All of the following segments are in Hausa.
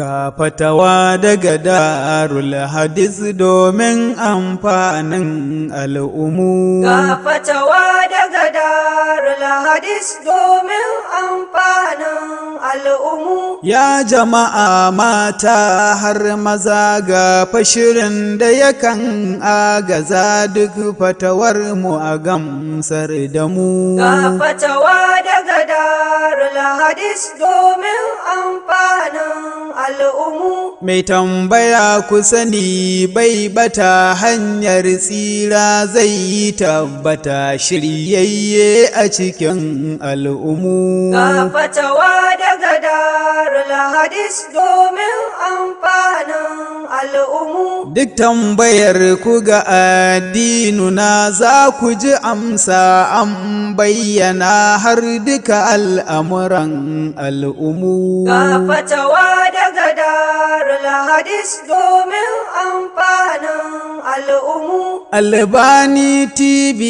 Ga fatawa daga darul hadis domin amfanin al'umu. Ga fatawa daga darul domin al'umu. Ya jama'a mata har maza ga fashirin da yakan agaza duk fatawar mu a gamsar da mu. Ga fatawa daga Darul Hadis domin amfanin al'umu. Mai tambaya ku sani bai bata hanyar tsira zai yi tabbata shiryayye a cikin al'umu. Ga fatawa daga dar lahadis domin amfanin al'umu. Duk tambayar ku ga addinuna za ku ji amsa an bayyana har duka al'amuran al'umu. Ga fatawa daga dar lahadis domin amfanin al'umu. Albani TV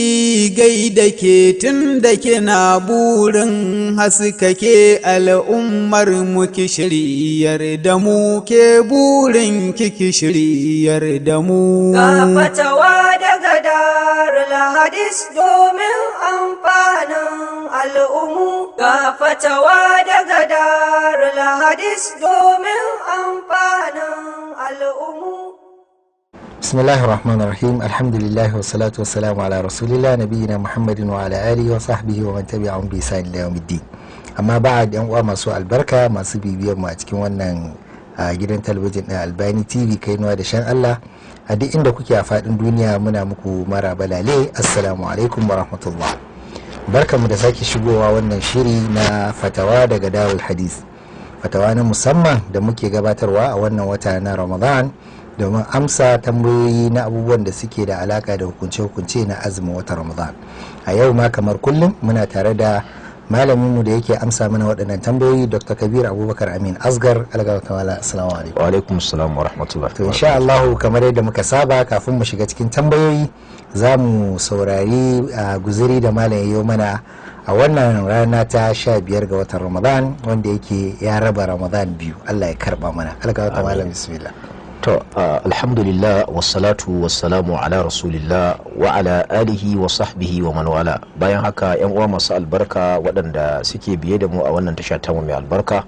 gai da ke tun da ki kina burin haskake al'ummar mu ki shiryar da mu ke burin ki shiryar da mu. daga darul hadis domin amfanin al'umu. Ga fatawa daga darul hadis domin amfanin al'umu. bismillahir rahmanir rahim alhamdulillah wa salatu ala rasulillah nabiyina muhammadin wa ala alihi wa sahbihi wa man tabi'ahum bi ihsan ila yawmiddin amma yan uwa masu albarka masu bibiyar mu a cikin wannan gidan talabijin din albani tv kainuwa da shan allah a duk inda kuke a fadin duniya muna muku mara balale assalamu alaikum wa rahmatullah barkamu da sake shigowa wannan shiri na fatawa daga dawul hadis fatawa na musamman da muke gabatarwa a wannan wata na ramadan domin amsa tambayoyi na abubuwan da suke da alaka da hukunce-hukunce na azumin watan ramadan a yau ma kamar kullum muna tare da malaminmu da yake amsa mana waɗannan tambayoyi dr kabir abubakar amin asgar algawa kamala assalamu alaikum wa alaikum assalam wa rahmatullah to insha allahu kamar yadda muka saba kafin mu shiga cikin tambayoyi za mu saurari a guziri da malam ya yau mana a wannan rana ta sha biyar ga watan ramadan wanda yake ya raba ramadan biyu allah ya karba mana algawa kamala bismillah to alhamdulillah wassalatu wassalamu ala rasulillah wa ala alihi wa sahbihi wa man bayan haka yan uwa masu albarka waɗanda suke biye da mu a wannan tasha ta mai albarka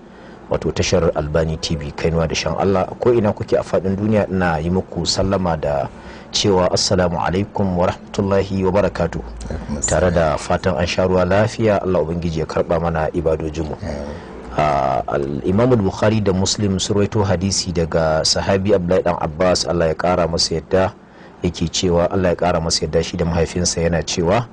wato tashar albani tv kainuwa da shan allah ko ina kuke a faɗin duniya ina yi muku sallama da cewa assalamu alaikum wa rahmatullahi wa barakatu tare da fatan an sha ruwa lafiya allah ubangiji ya karɓa mana ibadojinmu Ah, Imamul bukhari da muslim sun hadisi daga sahabi abdullahi dan abbas allah ya kara masa yadda yake cewa allah ya kara masa yadda shi da mahaifinsa yana cewa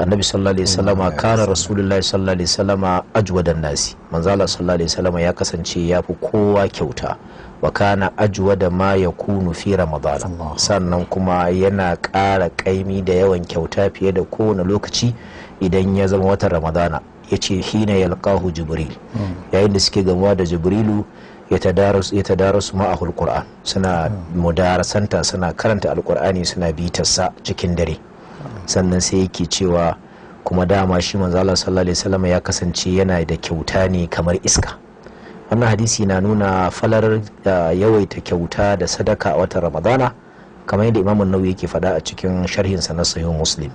annabi sallallahu alaihi wasallama kana rasulullahi sallallahu alaihi wasallama ajwadan nasi manzo allah sallallahu alaihi wasallama ya kasance ya fi kowa kyauta wa kana da ma ya kunu fi ramadan sannan kuma yana ƙara kaimi da yawan kyauta fiye da kowane lokaci idan ya zama watan ramadana ya ce hina yalqahu jibril yayin da suke gamuwa da jibrilu ya tadarasu ma'ahul qur'an suna mudarasanta suna karanta alqur'ani suna bitarsa cikin dare sannan sai yake cewa kuma dama shi manzo Allah sallallahu alaihi ya kasance yana da kyauta ne kamar iska wannan hadisi na nuna falar da yawaita kyauta da sadaka a watan ramadana kamar yadda imamun nau'i yake faɗa a cikin sharhinsa na sahih muslim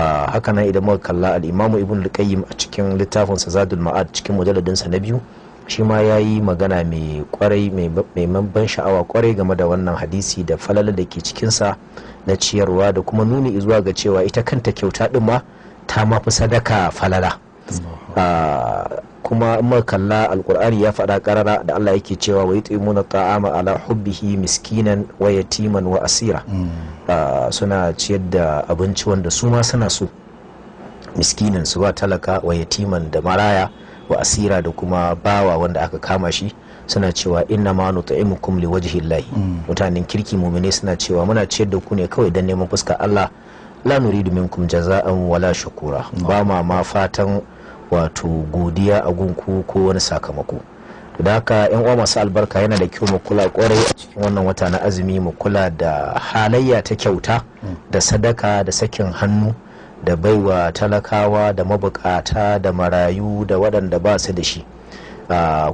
haka nan idan muka kalla al'imamu ibn al-qayyim a cikin littafinsa sa zadul ma'ad cikin mujalladin sa na biyu shi ma ya yi magana mai kwarai mai ban sha'awa kwarai game da wannan hadisi da falala da ke cikinsa na ciyarwa da kuma nuni zuwa ga cewa ita kanta kyauta ɗin ma ta mafi sadaka falala kuma in kalla alkur'ani ya faɗa karara da Allah yake cewa wa yutimuna ta'ama ala hubbihi miskinan wa yatiman wa asira hmm. ah, suna ciyar da abinci wanda su ma suna so miskinan su ba talaka wa yatiman da maraya wa asira da kuma bawa wanda aka kama shi suna cewa inna ma nut'imukum liwajhi llahi hmm. mutanen kirki mumine suna cewa muna ciyar da ku ne kawai dan neman fuska. Allah la nuridu minkum jaza'an wala shukura hmm. ba ma ma fatan wato godiya a gunku ko wani sakamako da haka yan uwa masu albarka yana da kyau mu kula kwarai a cikin wannan wata na azumi mu kula da halayya ta kyauta da sadaka da sakin hannu da baiwa talakawa da mabukata da marayu da waɗanda ba su da shi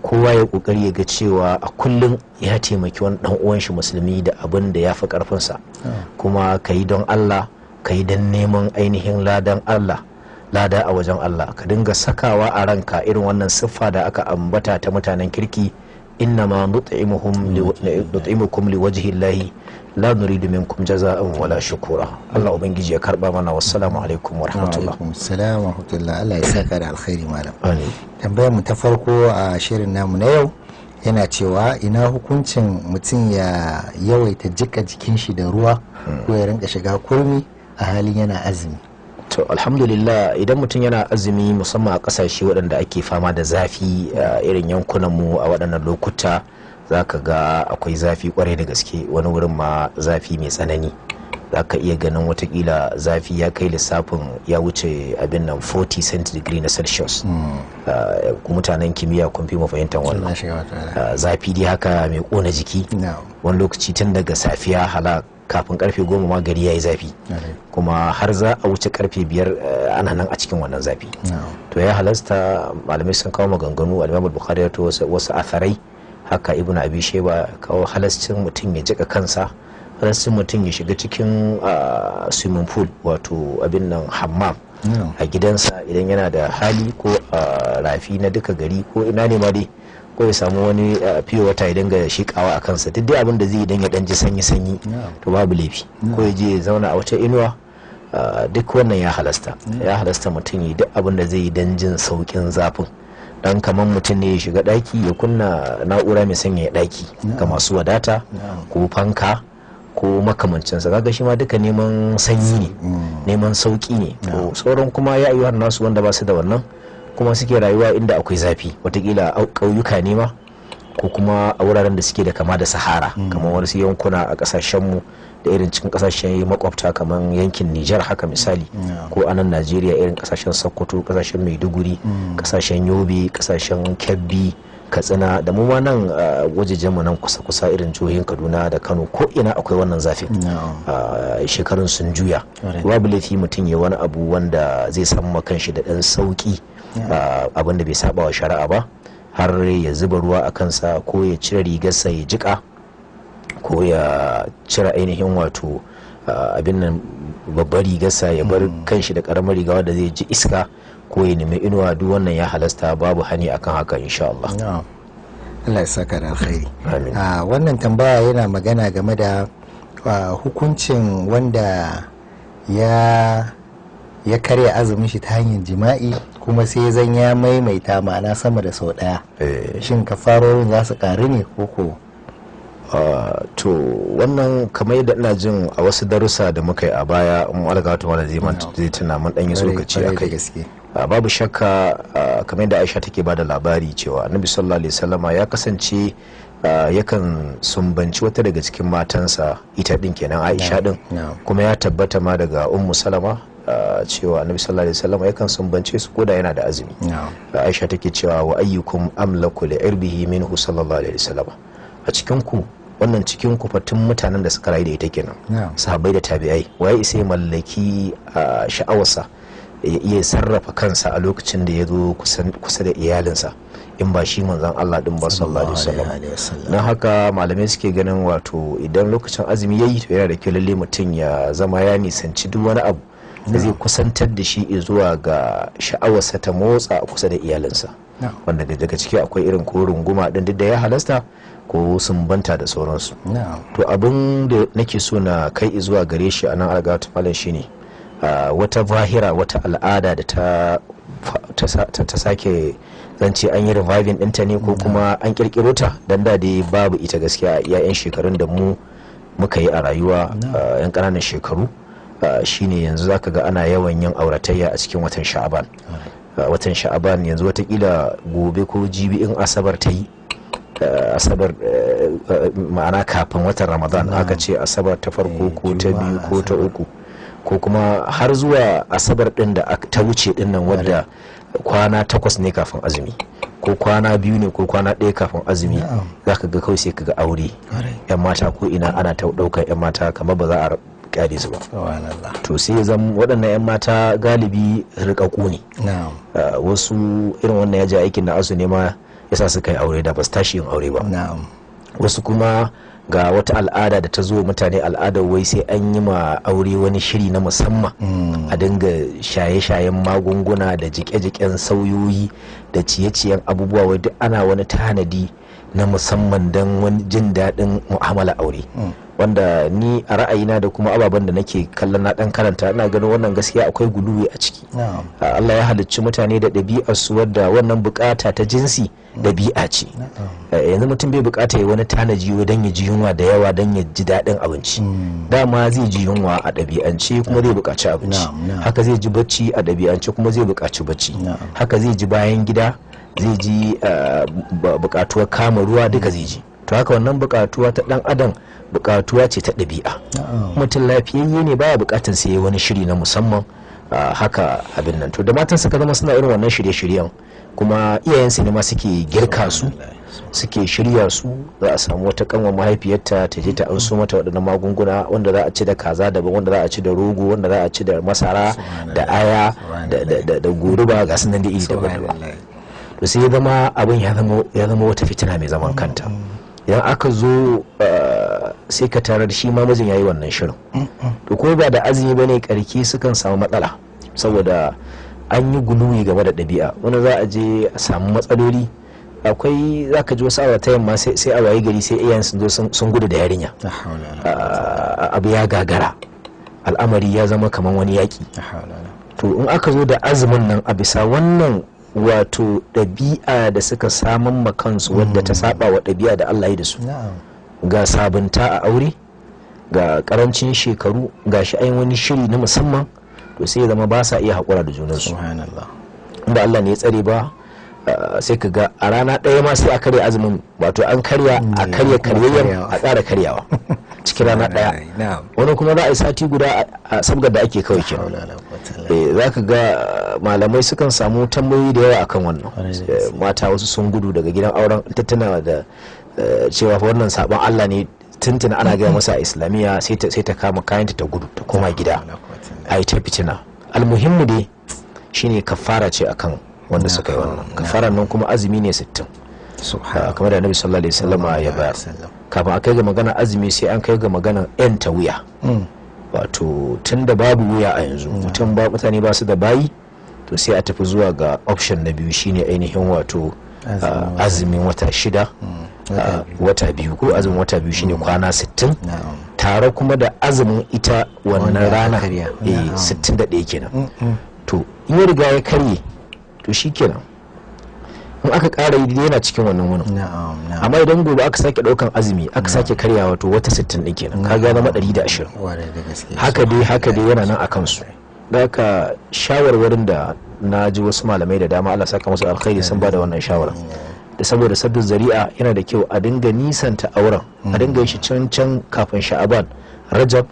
kowa ya kokari ya ga cewa a kullum ya taimaki wani dan uwan shi musulmi da abin da ya fi sa ah. kuma ka yi don allah ka yi don neman ainihin ladan allah lada a wajen Allah ka dinga sakawa a ranka irin wannan siffa da aka ambata ta mutanen kirki innama wajihin lahi lanuri la nuridu minkum jaza'an wala shukura Allah ubangiji ya karba mana wassalamu alaikum wa rahmatullah wa alaikum rahmatullah Allah ya saka da alkhairi malam tambayar mu ta farko a shirin namu na yau yana cewa ina hukuncin mutum ya yawaita jika jikin shi da ruwa ko ya rinka shiga kurmi a halin yana azumi to alhamdulillah idan mutum yana azumi musamman a kasashe waɗanda ake fama da zafi a irin yankunan mu a waɗannan lokuta za ka ga akwai zafi kwarai da gaske wani wurin ma zafi mai tsanani za ka iya ganin watakila zafi ya kai lissafin ya wuce abin nan 40 cent degree na celsius hmm. mutanen kimiyya kun fi fahimtar wannan zafi dai haka mai kona jiki wani lokaci tun daga safiya halak kafin karfe goma ma gari ya yi zafi kuma har za a wuce karfe biyar eh, ana nan a cikin wannan zafi to ya halasta malamai sun kawo maganganu alimam bukhari ya wasu atharai haka ibn abi sheba kawo halascin mutum ya jika kansa halascin mutum ya shiga cikin ah, swimming pool wato abin nan hammam a gidansa idan yana da hali ko ah, rafi na duka gari ko ina ne ma dai ko ya samu wani fiye eh, wata ya dinga shikawa a kansa duk dai abin da zai idan ya dan ji sanyi sanyi to babu laifi ko ya je ya zauna a wata inuwa eh, duk wannan ya halasta ya halasta mutum yi duk abin da zai dan jin saukin zafin dan kamar mutum ne ya shiga daki ya kunna na'ura mai sanya daki ga masu wadata ko fanka ko makamancinsa kaga shi ma duka neman sanyi ne mm. neman sauki ne sauran kuma ya ayyuhar nasu wanda ba su da wannan kuma suke rayuwa inda akwai zafi watakila a ƙauyuka ne ma ko kuma a wuraren da suke da kama da sahara hmm. kamar wasu yankuna a mu da irin cikin kasashen makwabta kamar yankin nijar haka misali hmm. ko a nan najeriya irin ƙasashen sokoto ƙasashen maiduguri hmm. ƙasashen yobe ƙasashen kebbi katsina da mu ma nan wajejen mu nan kusa-kusa irin jihohin kaduna da kano ko ina akwai wannan zafin shekarun sun juya babu laifi mutum ya wani abu wanda zai samu kanshi da dan sauki abin da bai saba wa shari'a ba har ya zuba ruwa a kansa ko ya cire rigarsa ya jika ko ya cire ainihin wato abin nan babbar rigarsa ya bar hmm. kanshi da karamar riga wanda zai ji iska ko ya nemi inuwa duk wannan ya halasta babu hani akan haka insha Allah. Allah ya saka da alkhairi. Wannan tambaya yana magana game da hukuncin wanda ya ya karya azumin shi ta hanyar jima'i kuma sai zan ya maimaita ma'ana sama da sau ɗaya eh. shin kafarorin za su ƙaru ne ko ko ah, to wannan kamar yadda ina jin a wasu darussa da muka yi a baya in algatu wani zai tuna mun ɗan yi tsokaci a kai ah, babu shakka ah, kamar yadda aisha take ba da labari cewa annabi sallallahu alaihi wasallama ya kasance yakan sumbanci wata daga cikin matansa ita din kenan aisha din kuma ya tabbata ma daga ummu salama cewa annabi sallallahu alaihi wasallam yakan sumbance su koda yana da azumi aisha take cewa wa ayyukum amlaku li irbihi minhu sallallahu alaihi wasallam a cikin ku wannan cikin kufatun mutanen da suka rayu da ita kenan sahabbai da tabi'ai waye isa mallaki sha'awarsa ya iya sarrafa kansa a lokacin da ya zo kusa da iyalinsa in ba shi manzan Allah din ba sallallahu alaihi wasallam na haka malamai suke ganin wato idan lokacin azumi yayi to yana da kyau lalle mutum ya zama ya nisanci duk wani abu da zai kusantar da shi zuwa ga sha'awarsa ta motsa a kusa da iyalinsa wanda daga ciki akwai irin ko runguma din duk da ya halasta ko sumbanta da sauransu to abin da nake so na kai zuwa gare shi a nan falon malam shine wata bahira wata al'ada da ta ta sake zance an yi reviving ɗinta ne ko kuma an kirkiro ta dan da dai babu ita gaskiya a 'ya'yan shekarun da mu muka yi a rayuwa 'yan ƙananan shekaru shine yanzu zaka ga ana yawan yin auratayya a cikin watan sha'aban watan sha'aban yanzu watakila gobe ko jibi in asabar ta yi asabar ma'ana kafin watan ramadan aka ce asabar ta farko eh, ko ta biyu ko ta uku ko kuma har zuwa asabar din da ta wuce din nan wadda kwana takwas ne kafin azumi ko kwana biyu ne ko kwana ɗaya kafin azumi za ka ga kawai sai ka ga aure yan mata ko ina ana ta ɗaukar yan mata kamar ba za a kyale su ba to sai zan waɗannan 'yan mata galibi rikaku ne ah, wasu irin wannan ya ji aikin na asu ne ma sa suka yi aure da ba su tashi yin aure ba wasu kuma ga wata al'ada da ta zo mutane al'adar wai sai an yi ma aure wani shiri na musamman hmm. a dinga shaye-shayen magunguna da jike-jiken sauyoyi da ciye-ciyen abubuwa wai duk ana wani tanadi na musamman don wani jin daɗin mu'amala aure hmm. wanda ni a ra'ayina da kuma ababen da nake kallon na dan karanta ina ganin wannan gaskiya akwai guluwe a ciki Allah ya halicci mutane da ɗabi'ar su wadda wannan bukata ta jinsi ɗabi'a ce eh, yanzu mutum bai bukata ya wani tanaji don ya ji yunwa da yawa don ya ji daɗin abinci hmm. dama zai ji yunwa a ɗabi'ance kuma zai bukaci abinci haka zai ji bacci a ɗabi'ance kuma zai bukaci bacci haka zai ji bayan gida zai ji eh, bukatuwar kama ruwa duka zai ji to haka wannan bukatuwa ta dan adam bukatuwa ce ta ɗabi'a mutum lafiyayye ne baya bukatan sai wani shiri na musamman haka abin nan to da matan suka zama suna irin wannan shirye-shiryen kuma iyayen su ne ma suke girka su suke shirya su za a samu wata kanwa mahaifiyarta ta je ta an so mata waɗannan magunguna wanda za a ci da kaza daban wanda za a ci da rogo wanda za a ci da masara da aya da goruba ga nan da iri daban-daban to sai ya zama abin ya zama wata fitina mai zaman kanta mm-hmm. idan aka zo eh, sai ka tarar shi ma mijin yi wannan shirin to ko ba da azumi ba bane karki sukan samu matsala saboda an yi guluwi game da ɗabi'a wani za a je a samu matsaloli akwai za ka ji wasu awa ta yamma sai a waye gari sai iyayen sun zo sun gudu da yarinya eh, abu ya gagara al'amari ya zama kamar wani yaƙi to in aka zo da azumin nan a bisa wannan wato ɗabi'a da suka samun makansu wadda ta hmm. saba wa ɗabi'a da Allah ya da su ga sabunta a aure ga karancin shekaru ga shi sha'ayin wani shiri na musamman to sai zama ba sa iya haƙura da junansu da Allah ne ya tsare ba Ah, sai ka ga a rana ɗaya ma sai a karya azumin wato an karya a mm, karya karyayyen a tsara karyawa cikin rana ɗaya wani kuma za a yi sati guda a sabgar da ake kawai kenan eh, za ka ga malamai sukan samu tambayoyi da yawa akan wannan eh, mata wasu sun gudu daga gidan auren tattana da eh, cewa wannan sabon allah ne tuntuna ana gaya masa a islamiyya sai ta kama kayanta ta gudu ta koma gida a yi ta fitina almuhimmu dai shine kafara ce akan wanda suka yi wannan kafaran nan kuma azumi ne sittin kamar da nabi sallallahu alaihi wasallam ya bayar kafin a ga magana azumi sai an kai ga magana yan ta wuya hmm. wato tun da babu wuya a yanzu hmm. mutum ba mutane ba su da bayi to sai a tafi zuwa ga option na biyu shine ainihin wato azumin ah, wata shida hmm. ah, wata biyu ko azumin wata biyu shine kwana 60 tare kuma da azumin ita wannan rana 61 eh, kenan to in riga ya karye to kenan in aka kara yi yana cikin wannan wani amma idan gobe aka sake ɗaukan azumi aka sake karyawa to wata sittin ɗin kenan ka gane ma ashirin haka dai haka dai yana nan a kansu da shawarwarin da na ji wasu malamai da dama Allah saka musu alkhairi sun bada wannan shawara da saboda sabbin zari'a yana da kyau a dinga nisanta auren a dinga shi can can kafin sha'aban rajab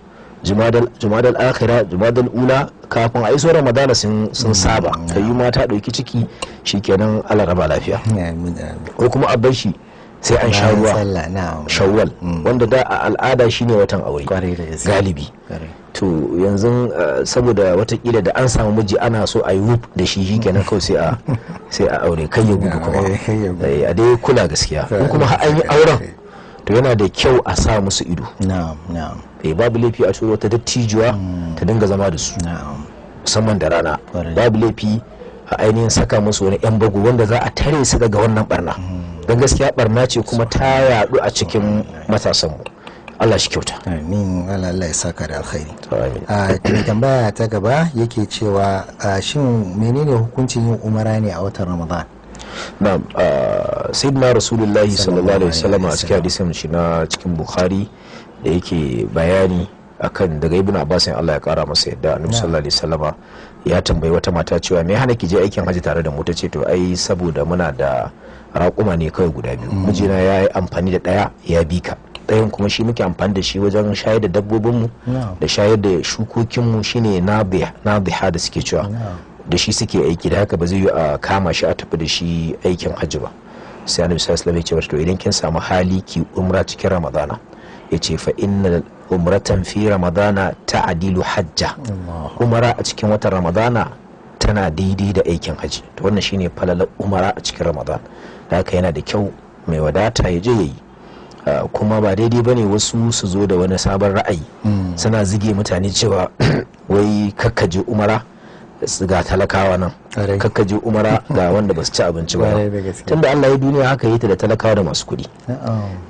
jumadal akhira jumadal ula kafin a iso ramadana sun saba mm. ta yi mata ɗauki ciki shikenan ala raba lafiya ko kuma a shi sai an sha ruwa shawwal mm. wanda da a al'ada shine watan aure galibi to yanzu uh, saboda watakila da an samu miji ana so a yi wuf da shi shi kenan kawai sai a sai a aure kai ya gudu kuma eh, a dai kula gaskiya ko kuma an yi auren to yana da kyau a sa musu ido na'am na'am eh babu laifi a turo ta dattijuwa hmm. ta dinga zama da su musamman da rana babu laifi a ainihin saka musu wani yan bagu wanda za a tare su daga wannan barna hmm. don gaskiya barna ce kuma ta yadu a cikin matasan Allah shi kyauta amin Allah Allah ya saka da alkhairi a tambaya ta gaba yake cewa shin menene hukuncin yin umara ne a watan Ramadan na'am sayyidina rasulullahi sallallahu alaihi wasallam a cikin hadisin shi na cikin bukhari da yake bayani akan daga ibn abbas Allah ya kara masa yadda annabi sallallahu alaihi wasallama ya tambayi wata mata cewa me hana ki je aikin haji tare da mu ta ce to ai saboda muna da raƙuma ne kawai guda biyu mm. mijina ya yi amfani da ɗaya ya bika ka ɗayan kuma shi muke amfani da shi wajen shayar da mu da shayar da shukokin shukokinmu shine na biha da suke cewa da shi suke aiki da haka ba zai yi a kama shi a tafi da shi aikin hajji ba sai annabi sallallahu alaihi wasallam ya ce to idan kin samu hali ki umra cikin ramadana ya ce fa inna umratan fi ramadana ta adilu hajja umara a cikin watan ramadana tana daidai da aikin haji to wannan shine falalar umara a cikin ramadan haka yana da kyau mai wadata ya je yayi ah, kuma ba daidai bane wasu su zo da wani sabon ra'ayi hmm. suna zige mutane cewa wai kakkaje umara ga talakawa nan kakkaji je umara ga wanda ba su ci abinci ba Tun da Allah ya duniya haka yi ta da talakawa da masu kuɗi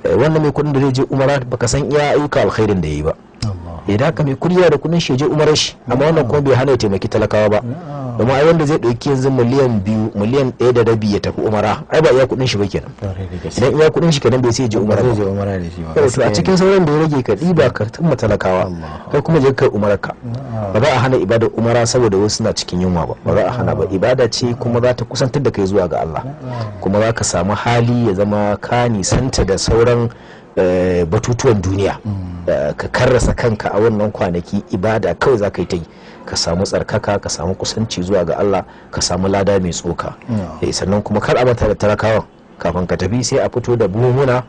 eh, wanda mai kudin da zai je umara baka san iya ayyuka alkhairin da ya yi ba idan haka mai kudi da kudin shi je umara shi amma wannan kuma bai hana ya taimaki talakawa ba domin ai wanda zai ɗauki yanzu miliyan biyu miliyan ɗaya da rabi ya tafi umara ai ba iya kuɗin shi ba kenan idan iya kuɗin shi kenan bai sai je umara ba to a cikin sauran da ya rage ka ɗiba ka tumma talakawa kai kuma je kai ka. ba za a hana ibadar umara saboda wasu suna cikin yunwa ba ba za a hana ba ibada ce kuma za ta kusantar da kai zuwa ga Allah kuma za ka samu hali ya zama ka nisanta da sauran eh, batutuwan duniya eh, ka karrasa kanka a wannan kwanaki ibada kawai za ka yi ta yi ka samu tsarkaka ka samu kusanci zuwa ga Allah ka samu lada mai tsoka eh, sannan kuma kar a da talakawan kafin ka tafi sai a fito da buhuna.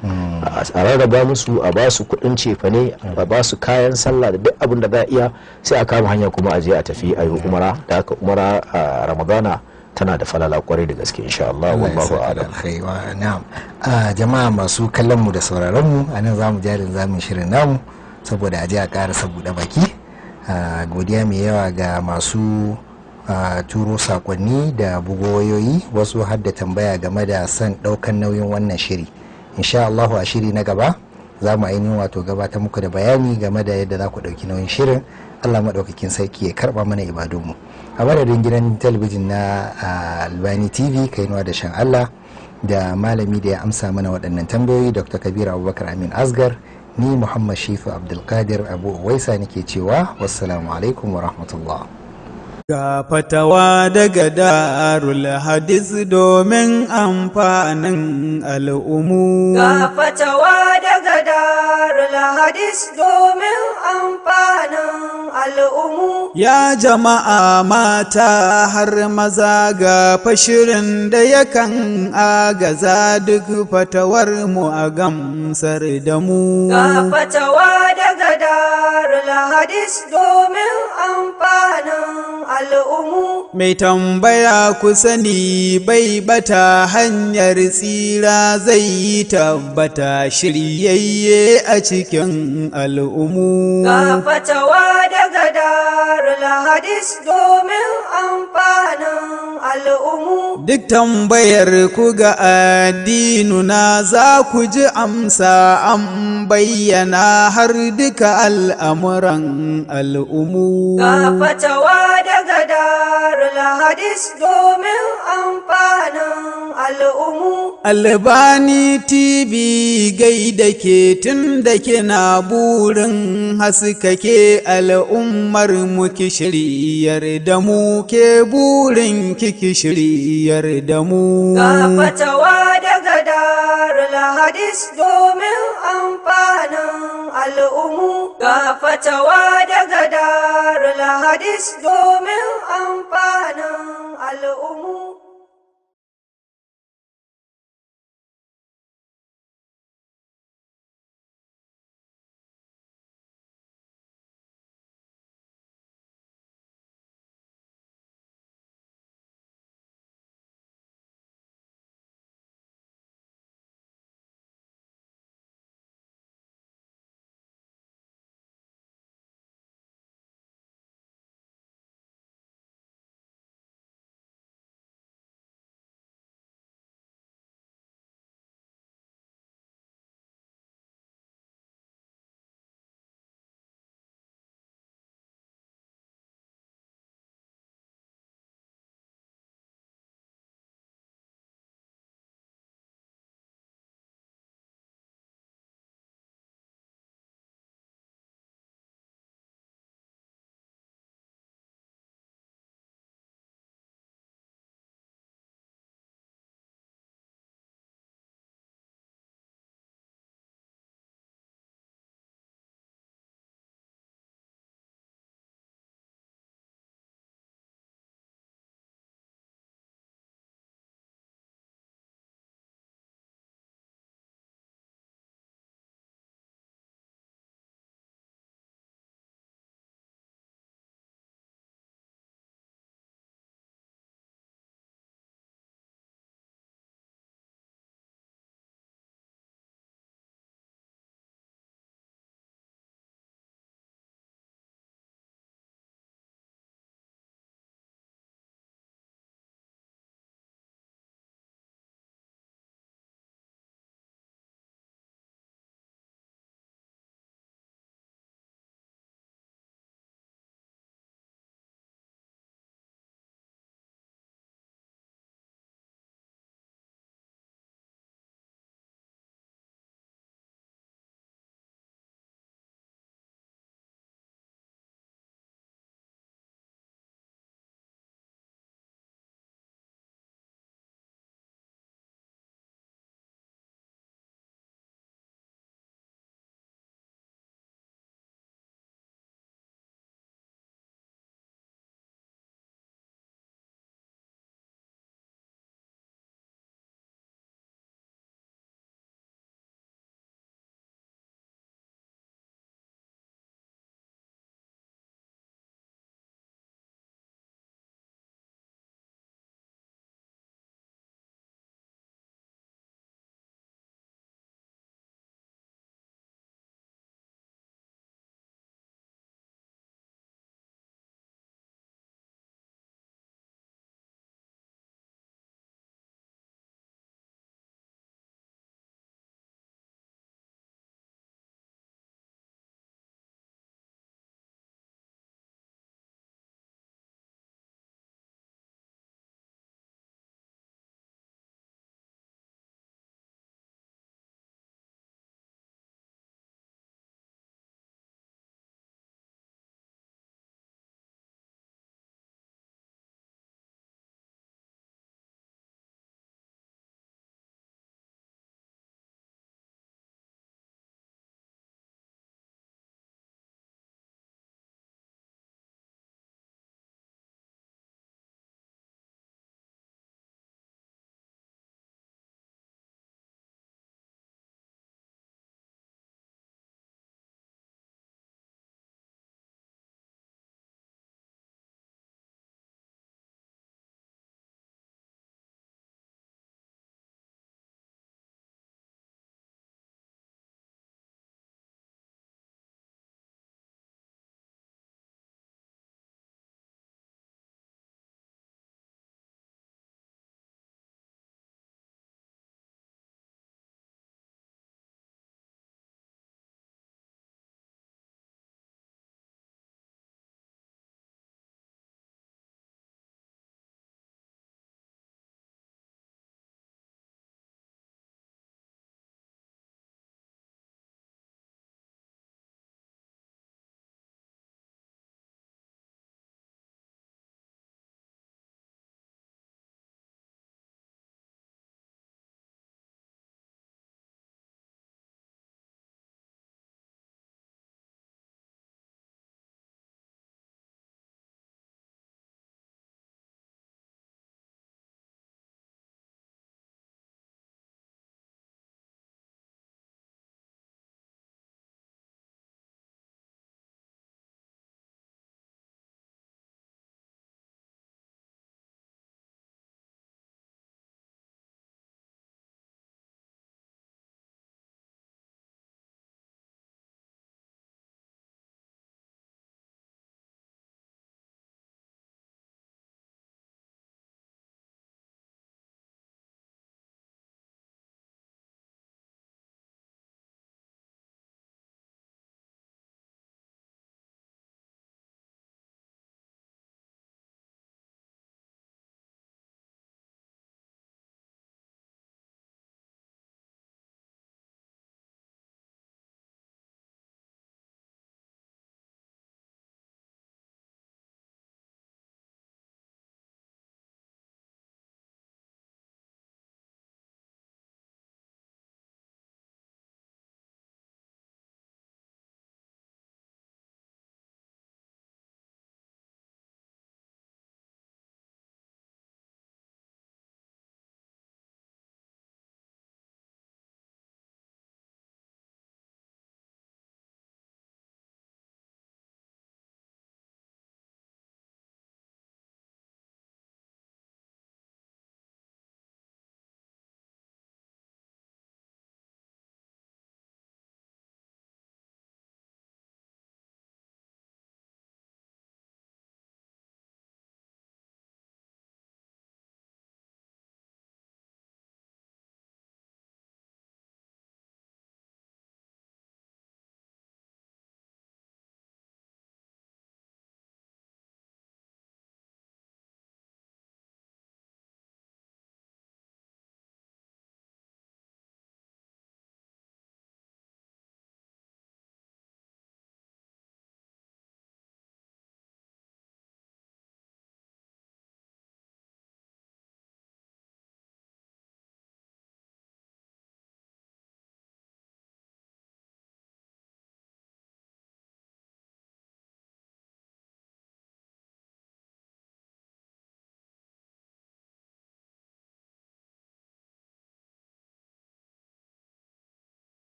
a rarraba musu a ba su kuɗin cefane a ba su kayan sallah da duk abin da za a iya sai a kama hanya kuma a je a tafi a yi umara da aka umara a ramadana tana da falala kwarai da gaske insha Allah wallahu a'lam jama'a masu kallon mu da sauraron mu anan zamu jarin zamu shirin namu saboda a je a karasa bude baki godiya mai yawa ga masu a turo sakonni da bugoyoyi wasu har da tambaya game da son ɗaukan nauyin wannan shiri insha Allahu a shiri na gaba za mu ainihin wato gabatar muku da bayani game da yadda za ku ɗauki nauyin shirin Allah maɗaukakin sarki ya karɓa mana ibadunmu a madadin gidan talabijin na albani tv kainuwa da shan Allah da malami da ya amsa mana waɗannan tambayoyi dr kabir abubakar amin asgar ni muhammad shifu abdulkadir abu waisa nake cewa wassalamu alaikum wa rahmatullah Ga fatawa daga darul hadis domin amfanin al'umu. Ga fatawa daga darul hadis domin amfanin al'umu. Ya jama'a mata har maza ga fashirin da yakan agaza duk fatawar mu a gamsar da mu. Ga fatawa daga darul hadis domin amfanin al'umu. Mai tambaya ku sani bai bata hanyar tsira zai yi tabbata shiryayye a cikin al'umu. Ga fatawa daga darul hadis domin amfanin al'umu. Duk tambayar ku ga addinuna za ku ji amsa an bayyana har duka al'amuran al'umu. Ga fatawa daga da darul hadis domin amfanin al'umu. Albani TV gaida ke tun da kina burin haskake al'ummar muki shiryar da mu ke burin kiki shiryar da mu. Gafatawa daga darul hadis domin amfanin al'umu. Gafatawa daga darul hadis domin Alu ampana alu umu